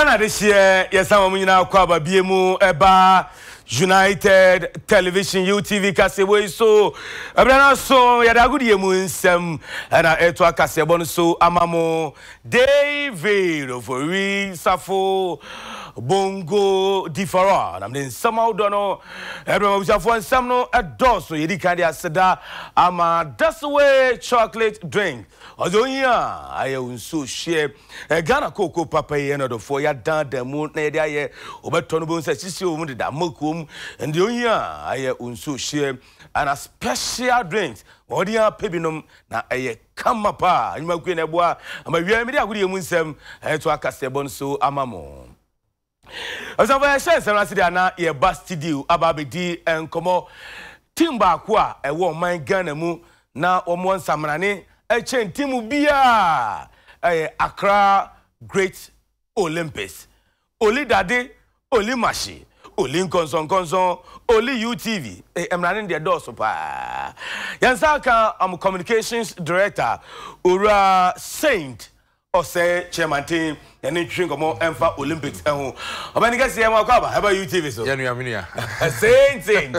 ghana de hyeɛ eh, yɛsan wɔn nyinaa kɔ ababie mu ɛbaa united television utv kasewo yi so ɛbrɛ na so yɛde agodie mu nsɛm ɛna ɛto akaseɛbɔ no so ama mo david ofori safo bongo difara nam ne nsɛm ahodoɔ no ɛbrɛ ma abusuafoɔ nsɛm no ɛdɔɔso yɛdi kan de aseda ama dasaway chocolate drink ɔdze onyi a ayɛ wo nsuo e, ghana kooko papa yi ɛna ɔdɔfoɔ yɛadaadaa mu na yɛde ayɛ wɔbɛtɔ no bɛhu sisi wɔ mu deda mokuo mu and the only ayɛ nsuo hyɛ and a special drink wɔde apɛ binom na ɛyɛ kama paa anwuma kue na ɛboa ama wia mede agodeɛ mu nsɛm ɛto akasɛbɔ nso ama mo ɔsɛfo yɛhyɛ nsɛm no ase de ana yɛba studio aba abɛdi nkɔmmɔ team baako a ɛwɔ ɔman ghana mu na wɔmmɔ nsamrane ɛkyɛn team biaa ɛyɛ accra great olympics olidade olimashi oli nkɔnsɔnkɔnsɔn oli utv eh, mmerane deɛ dɔɔso paa yɛnsa ka am um, communications director owura saint ɔsɛ chairmanten yɛne ntwitwe nkɔmmɔ ɛmfa olympics ɛho ɔbɛne kɛseɛ ma kɔ aba ɛba utv so yɛnuamenua saint saint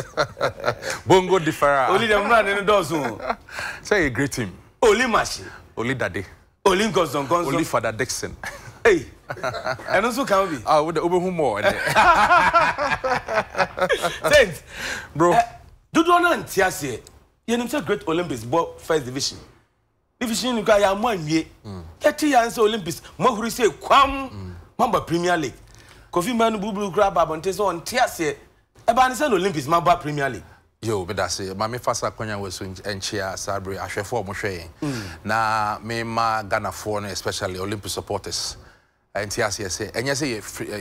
bongo differa oli deɛ mmerane no dɔɔso sɛ yɛ great team oli mahye oli dade oli nkɔnsɔnkɔnsɔn oli father dixon hey ɛno nso ka wo bi ah wo de wobɛhu mmɔɔ ɛnɛ saint bro dodoɔ no nte aseɛ yɛnim sɛ great olympics bɔ first division division no kora yɛamo anwie yɛte yɛn sɛ olympics moahuri sɛ kwam maba premier league kofi mmaa no buburu kora aba abɔnten sɛ ɔnte aseɛ ɛbaa ne sɛ na olympics maba premier league yo beda se maame fasa akonya wesu enchia sabre ahwefo omohwe yen na me ma Ghana for no especially olympic supporters nti aseɛ sɛ ɛnyɛ sɛ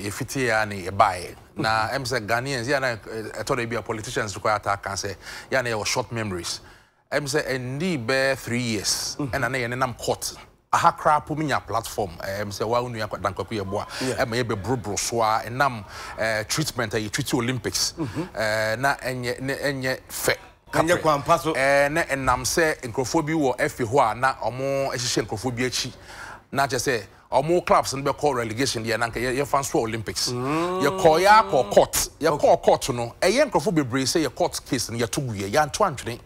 yɛfitie a ne yɛbaeɛ mm-hmm. na ɛm sɛ ghanaians yɛ na ɛtɔ da a politicians kɔ ata ka sɛ yɛ na yɛwɔ short memories ɛm sɛ ɛndi bɛɛ three years mm-hmm. ɛna na yɛne nam court aha koraa po menya platform ɛm sɛ wa wo nua dankwaku yɛboa ɛma yɛbɛboroboro so a ɛnam treatment a yɛtwiti olympics mm-hmm. na ɛnyɛ fɛ kanyɛ kwampa so na ɛnam sɛ nkurɔfoɔ bi wɔ afi e hɔ a na ɔmo hyehyɛ nkurɔfoɔ bi na kyerɛ sɛ ɔmo clubs no bɛkɔ relegation deɛ nanka yɛfa nso olympics yɛkɔ mm. yɛakɔ court yɛkɔ court no ɛyɛ nkurɔfoɔ bebree sɛ yɛ court case no yɛto guiɛ to antwene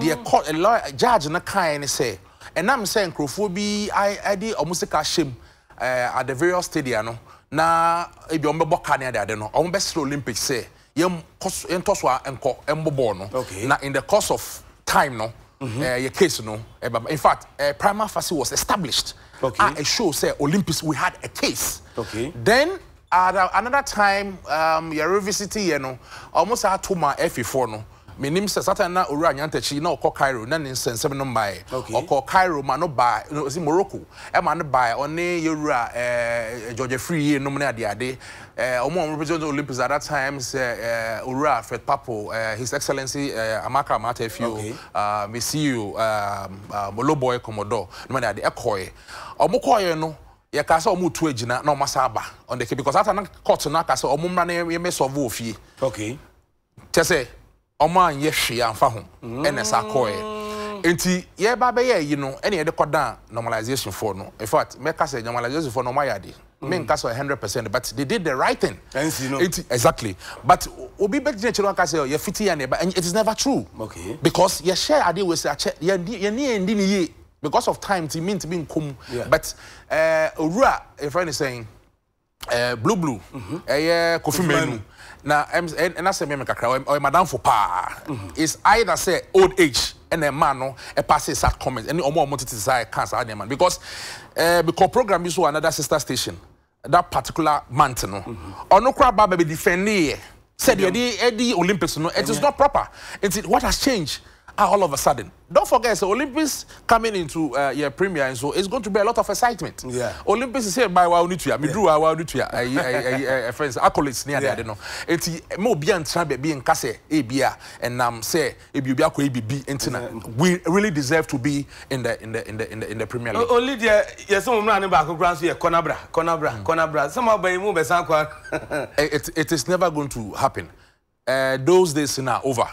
The uh, court lawyer, judge no kaeɛ ne sɛ ɛnam sɛ nkurɔfoɔ bi ɛde ɔmo sika hyɛm ɛɛ at the various stadium, no na ebi ɔmo bɛbɔ kaa ne adeade no ɔmo bɛsrɛ olympics sɛ yɛntɔ so a nkɔ mbɔ bɔɔl no na in the course of time no ɛɛ mm-hmm. uh, case no ɛba uh, in fact ɛɛ Prima facie was established. okay. at ah, a show, say Olympics, we had a case. Okay. Then at uh, another time, um, you're revisiting, you know, almost had to my F4, no menim sɛ satan na owura anyantakyi na ɔkɔ cairo na ne nsɛnsɛm no mbaeɛ ɔkɔ cairo ma no baa ɔsi morocco ɛma no baeɛ ɔne yɛwura eh, george free yie nom ne adeade eh, ɔmo ɔmo represent olympics at that time sɛ eh, owura fred papo his excellency amaka amata efio ɛɛ mesiu ɛɛ moloboy commodore nom ne adeade ɛkɔɔɛ ɔmo kɔɔɛ no yɛka sɛ ɔmo tu agyina na ɔmo asa aba ɔndeke because satan na court na aka sɛ ɔmo mmra na yɛmɛ sɔvo ofie kyɛ sɛ ɔmo anyɛ hwee amfa ho mm. ɛna sa kɔɔɛ nti yɛba bɛyɛ yi no ɛna yɛde kɔdan normalization fo no in fact mɛka sɛ normalization fo no ɔmo ayɛ ade mm. menka sɛ hundred percent but they did the right thing. ɛnsi no it exactly but obi bɛ gyina kyerɛ waka sɛ yɛ fiti yɛ neba it is never true. okay because yɛ hyɛ ade wɔ sɛ akyɛ yɛ ni yɛ ni ni yie because of time ti mi ti mi nkom. but eh, owura efra ne sɛn blue blue mm-hmm. ɛyɛ kofi mɛnu na ɛna sɛ mɛmɛ kakra ɔyɛ madamfo paa is either sɛ old age ɛna ɛma no ɛpa e sɛ sa e comment ɛne ɔmo ɔmo tete saa ɛka saa nneɛma no because ɛɛ eh, because program bi so another sister station that particular month no ɔno kora ba baabi defend ne yɛ sɛdeɛ ɛde ɛde olympics no it is not proper It is what has changed. Ah, all of a sudden. Don't forget, so Olympics coming into uh, your premier, and so it's going to be a lot of excitement. Yeah. Olympics is here by Waunitua. Me drew Waunitua. Friends, accolades near there, I don't know. It's more be e and try be in Kase, ABA, and um, say, if you be ako ABB, e internet. We really deserve to be in the in the in the in the, in the premier league. Only there, yes, I'm running back across here, Conabra, Conabra, mm. Conabra. Somehow by move, it, it is never going to happen. Uh, those days are over.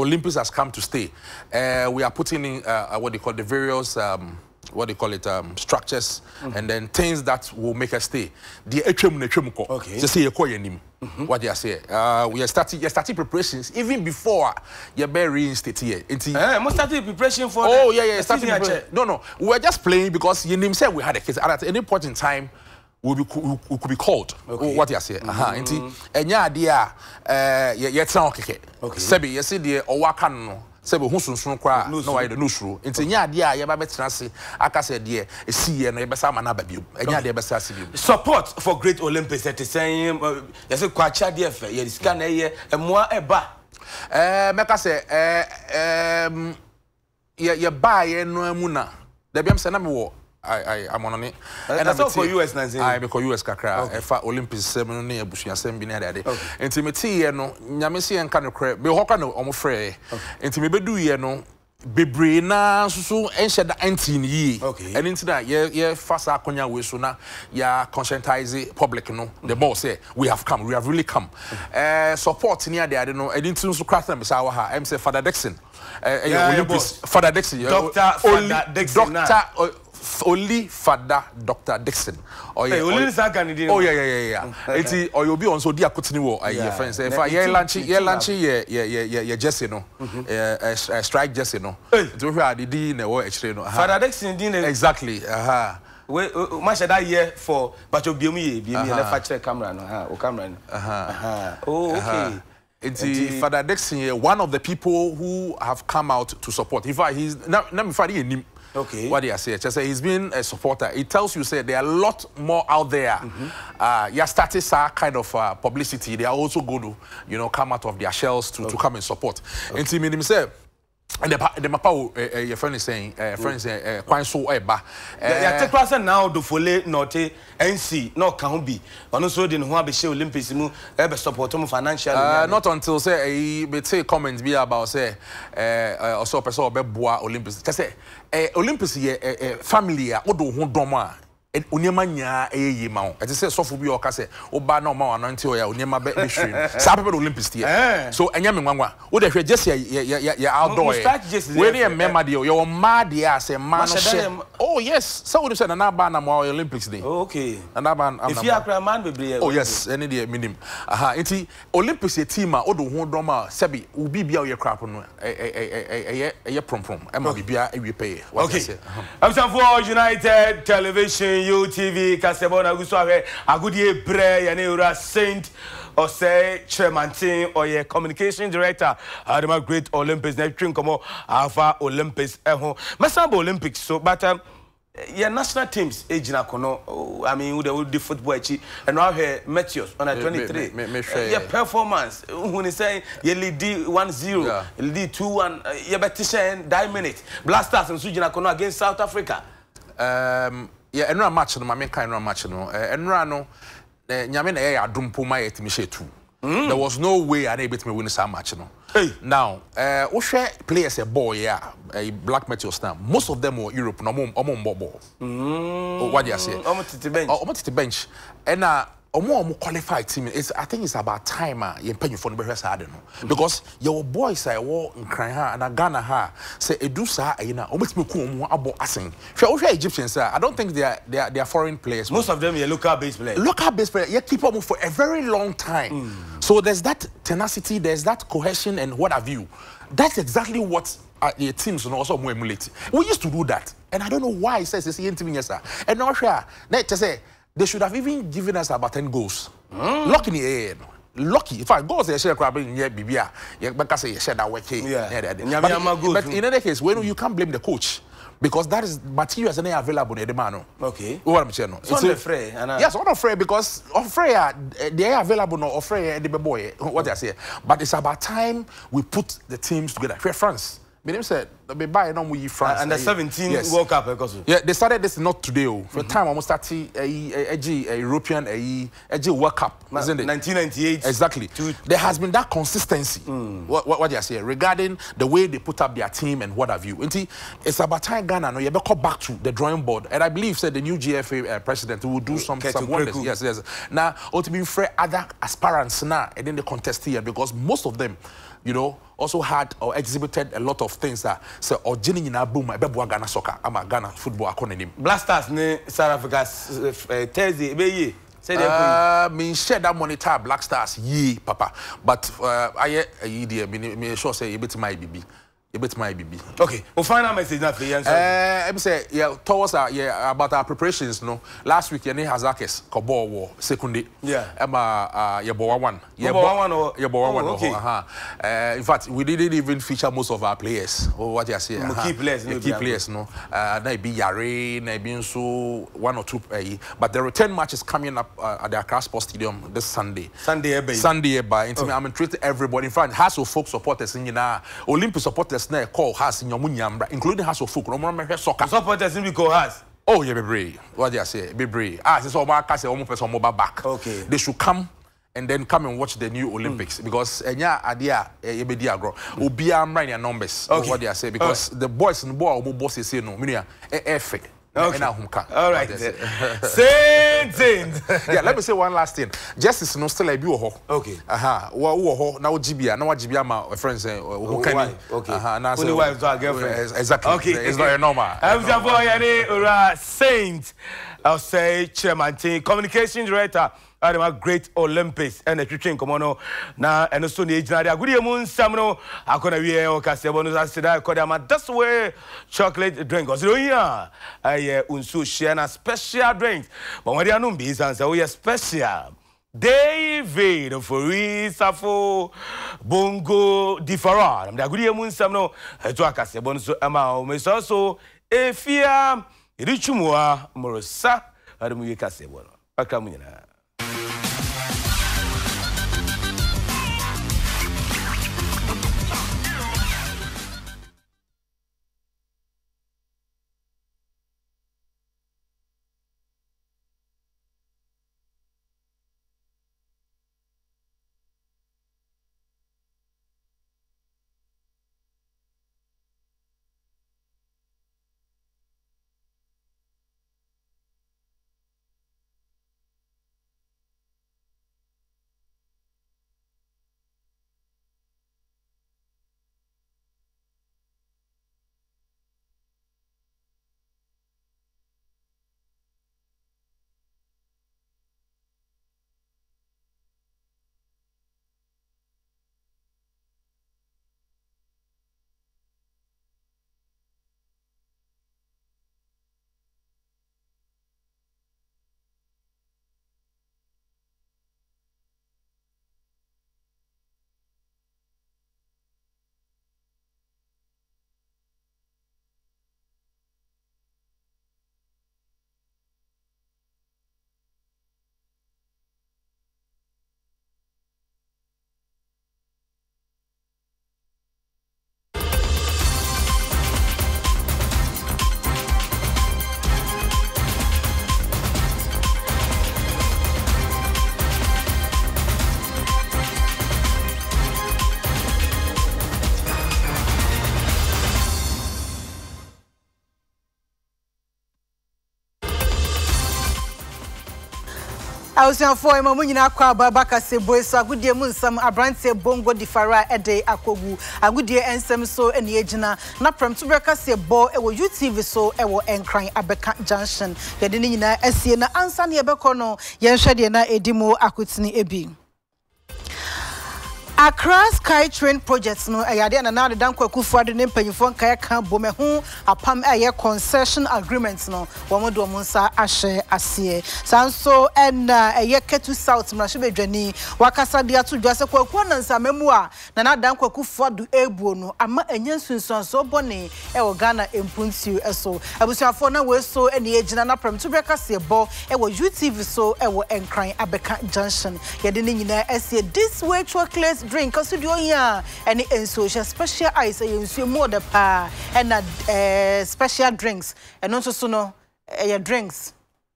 Olympics has come to stay. Uh, we are putting in uh, uh, what they call the various, um, what they call it, um, structures, mm -hmm. and then things that will make us stay. The HM Nechemko. Okay. Just say you call your name. Mm-hmm. What they are saying. Uh, we are starting, you're starting preparations even before uh, you're being reinstated here. Until, uh, eh, must start the preparation for. Oh the, yeah, yeah, starting. No, no, we are just playing because your name said we had a case, and at any point in time, will be will could be called okay. what you say aha mm-hmm. nti enya ade a eh ye tena okeke sebi ye se de owaka no sebi ho sunsun kra na wa ye no suru nti enya ade a ye ba betena se aka se de e si ye no ye besa ma na ba biom enya ade besa se biom support for great olympics that is saying eh, ye se kwacha de fe ye sika na ye emoa eba eh meka se eh em ye ye ba ye no amuna da biam se na me wo I, I, am on it. And that's all for US, Nancy. I because US kakra. Okay. If I Olympics seven ne abusu asem bi na dade. Enti me tie ye no, nyame se enka no kra. Be hoka no omo frɛ. Enti me bedu ye no, bebree na nsoso nhyɛ da nti ne yie ɛno nti na yɛfa saa akɔnya wei so na yɛ conscientize public no the boss say, we have come we have really come ɛɛ support ne adeade no ɛno nti nso kora tena bisa wɔ ha ɛm say father dixon ɛɛ ɛyɛ olympics father dixon doctor father dixon doctor. Only Father Dr. Dixon. Oye, hey, Oli sa kan ni Oh yeah yeah yeah yeah. Mm, eti oyo bi onso di akotini wo ay your friends. In eh, fact, yeah lunch, yeah lunch, yeah yeah yeah yeah Jesse no. Mm-hmm. Eh, eh, eh strike Jesse no. Eti wo hwa di na wo echire no. Fada Dixon din Exactly. Aha. We ma shada here for but obiemu ye biemu ye na fa kire camera no. Ha, o camera no. Aha. Oh okay. Eti Fada Dixon one of the people who have come out to support. In fact, he's na na me fa di enim. okay. what I are saying. Just say he's been a supporter. It tells you, say, there are a lot more out there. Mm -hmm. uh, status are kind of uh, publicity. They are also going to, you know, come out of their shells to, okay. to come and support. Okay. And see, me, himself, And the the mapa wo your friend is saying uh, friend is saying uh, so e ba ya te kwa now do follow note nc no ka be. But ono so de ne ho abehye olympics mu e be support mu financially not until say e be take comment be about say eh also person be boy olympics Cause eh olympics ye family a wo do nneɛma nyinaa ɛyɛ yie ma wo ɛte sɛ sɔfo bi a ɔka sɛ woba na ɔma wanante ɔyɛ a nneɛma bɛ hwere no saa pɛpɛ de olympics teɛ so ɛnyɛ me nwanwa wode hwɛ gyesi yɛ outdoor ɛ wei ne yɛ mmarima deɛ yɛwɔ mmaa deɛ a sɛ mmaa no hyɛ oh yes sɛ wode sɛ nana aba na moa olympics de oh, nana aba oh yes ɛne deɛ menim aha nti olympics yɛ team a wode wo ho dɔm a sɛbi wo biribia woyɛ crap no ɛyɛ prɔmprɔm ɛma biribia awie pɛyɛ abusamfoɔ united television ne utv kasɛbɔ na agu so ahwɛ agodie berɛ yɛne wura saint ɔsɛe kyerɛmanten ɔyɛ communication director adama great olympics na atwi nkɔmmɔ afa olympics ho mɛsan ba olympics so but um, yɛ national teams gyina eh, kono oh, i mean wode wodi football akyi ɛno ahwɛ meteos on 23 yɛ performance wohu ne sɛ yɛ ledi 10 ledi 21 yɛbɛte hyɛn 9 minute blasters nso gyina kono against south africa um, yɛ nnura match no maame kan nnura match no eh, nnura no eh, nyame na ɛyɛ adum po ma yɛtumi hyɛ tu there was no way ana ebetumi win saa match no now eh, wohwɛ players ɛ bɔɔl yɛ a black meteors na most of them wɔ europe na ɔmo ɔmo mbɔ bɔɔl wadi aseɛ ɔmo tete bench ɔmo oh, tete bench ɛna ọmọ ọmọ qualified team it's i think it's about time a ah, yẹn mpanyinfo no bɛhwɛ saa de no because yɛwɔ boys a yɛwɔ nkran ha ana ghana ha sɛ edu saa ɛyi na wɔn tumi kun wɔn abɔ asen hwɛ wohwɛ egyptians a i don't think they are they are, they are foreign players. most of them yɛ local based players. local based players yɛ keep wɔn for a very long time mm. so there's that tenacity there's that cohesion and what have you that's exactly what uh, the teams you know, also more emulate we used to do that and i don't know why it says it's yɛn team yɛ saa ɛnna ɔhwɛ a na ɛkyɛ sɛ they should have even given us about ten goals. Mm. Lucky ni eh lucky in fact goals yɛhyɛ koraa bɛ nyɛ biribi a yɛbɛka sɛ yɛhyɛ da wɔkye nyɛdeade but in any case when you can't blame the coach because that is materials ɛnɛ yɛ available na yɛde maa no okay wo wɔ amukyɛ no so ɔn frɛ ana yes ɔn frɛ because ɔfrɛ a deɛ yɛ available no ɔfrɛ yɛ ɛde bɛbɔ yɛ what yɛ say? but it's about time we put the teams together hwɛ France. Minim said they buy no we France. And the 17 eh, yes. World Cup eh, because yeah, they started this not today. Oh, for mm -hmm. time almost 30 a, a, a, European a, eh, a World Cup, isn't it? 1998. Exactly. Two, there has been that consistency. Mm. What, what, what they are saying regarding the way they put up their team and what have you. And see, it's about time Ghana no you better come back to the drawing board. And I believe said the new GFA uh, president will do some, Ketu some wonders. Cool. Yes, yes. Now, ought to be fair other aspirants now and then they contest here because most of them you know, also had or exhibited a lot of things that say ọjini nyinaa bom ẹbẹboa ghana soccer ama ghana football akọ n'anim. blasters ní south africa eh, eh, thursday ebe yie. mi uh, me share that monitor black stars yie papa but ayẹ eyi deɛ mi sure say ebi ti ma ye bibi yɛbɛtumi ayɛ biribi okay o final message na afei yɛn nsa ɛɛ ebi sɛ yɛ towards our yɛ about our preparations no last week yɛ ne hazakis kɔbɔ wɔ sekunde ɛma ah, yɛbɔ one one yɛbɔ one one wɔ yɛbɔ one one oh, wɔ hɔ ɛɛ eh, in fact we didn't even feature most of our players o wa ti a se ɛha key players no key players no ɛɛ eh, na ebi yare na ebi nso one or two ɛyi eh, but there are ten matches coming up at the Accra Sports Stadium this Sunday Sunday ɛbɛyi Sunday ɛbɛyi nti oh. I'm treating everybody in fact Hasso folk supporters nyinaa Olympic supporters supporters na ɛkɔ house nyɛ ɔmo nyinaa including house of folk No ɔmo mɛhwɛ soccer. supporters ni bi kɔ house. oh yɛ bebree wadi ase bebree a ah, sisan ɔmo aka sɛ ɔmo pɛ sɛ ɔmo ba back. okay they should come and then come and watch the new Olympics mm. because ɛnyɛ adeɛ a yɛbɛdi agorɔ hmm. obiara am right your numbers. okay they say because okay. the boys n bɔ a ɔmo bɔ say no minnu ya ɛɛfɛ. Okay. All right. Same thing. yeah, let me say one last thing. Justice no still like you Okay. Uh huh. wo ho now wo now na wa gbia friends eh wo kan. Okay. Aha. Na so. wife to girlfriend. Exactly. Okay. It's not normal. I'm Jabo Yane Saint. I'll say chairman team communication director adama great olympics ɛna twitwi nkɔmɔ no na ɛno so na ɛgyina de agodie mu nsɛm no akɔ na wieɛ ɔkaseɛbɔ no ase da ɛkɔde ama dasowe chocolate drink ɔsɛ oyi oh, uh, a ɛyɛ nsuo hyia na special drink bɔmmɔde anom bi sane sɛ woyɛ special david ofori safo bongo difara namde agodie mu nsɛm no ɛto akaseɛbɔ oh, no so ɛma ɔmesɔ so efia yɛde twumua Morosa. ade mu wie kaseɛbɔ no aka mu nyinaa uh. awosuafoɔ ɛma mo nyinaa kɔ aba aba kase boe so agodie mu nsɛm aberanteɛ bongo difara a ɛde akɔgu agodie nsɛm so ɛne ɛgyina na prɛmtoberɛ kaseɛ bɔ ɛwɔ utv so ɛwɔ ɛnkran abɛka junction yɛde ne nyinaa asie na ansa ne yɛbɛkɔ no yɛnhwɛ deɛ na ɛdi mu akotene ɛbi Accra Sky Train projects no ɛyɛ adeɛ na n'ade danko akufo ado ne mpanyinfoɔ nkae ka bom ɛho apam ɛyɛ concession agreement no wɔn de wɔn nsa ahyɛ aseɛ saa nso ɛna ɛyɛ Ketu South mmarahyɛbadwani wakasa de ato dwa sɛ kwakuo nansama mu a na n'ade danko akufo ado ebuo no ama ɛnyɛ nsonsanso bɔ ne ɛwɔ Ghana mpuntuo ɛso abusuafoɔ na wɔso ɛna egyina na, to bɛ kaseɛ bɔ ɛwɔ UTV so ɛwɔ Nkran Abeka Junction yɛde ne nyinaa ɛsie this way to a place drink studio yi a ɛne nsuo hyɛ special ice ɛyɛ nsuo mu ɔdɛ paa ɛna ɛɛ special drinks ɛno nso so no ɛyɛ uh, drinks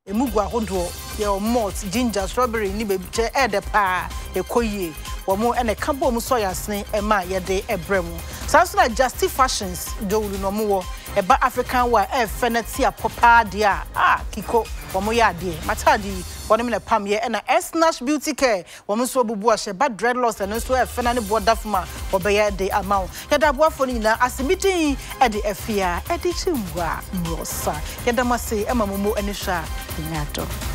emu gu ahodoɔ yɛ malt ginger strawberry ne beebi kyɛ ɛɛdɛ paa ɛkɔ yie wɔn ɛna ɛka bɔ wɔn so ɔyɛ asene ɛma yɛde ɛbrɛ mu saa nso na justi fashions dɔwuru na wɔn wɔ e ɛba african wa ɛɛfɛ e na ti apɔ paa deɛ a a ah, kiko wɔn yɛ adeɛ mataade yi wɔn na pam yɛ ɛna snash beauty care wɔn nso abubu ahyɛ ba dreadlocks ɛno nso ɛfɛn ne boɔ dafom a wɔbɛyɛ de ama wo yɛda aboafoɔ no nyinaa asebiten yi ɛde afia ɛde kyi mbua mbɔsa yɛda mo ase ɛma mo mu ani hwɛ a nyɛ adɔ.